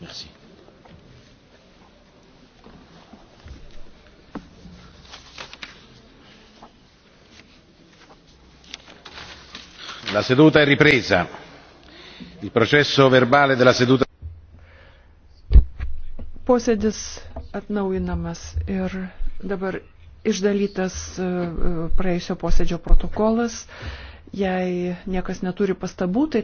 Merci. La seduta è ripresa. Il processo verbale della seduta. Posėdis atnaujinamas ir dabar išdalytas e, e, praėjusio posėdžio protokolas. Jei niekas neturi pastabų, tai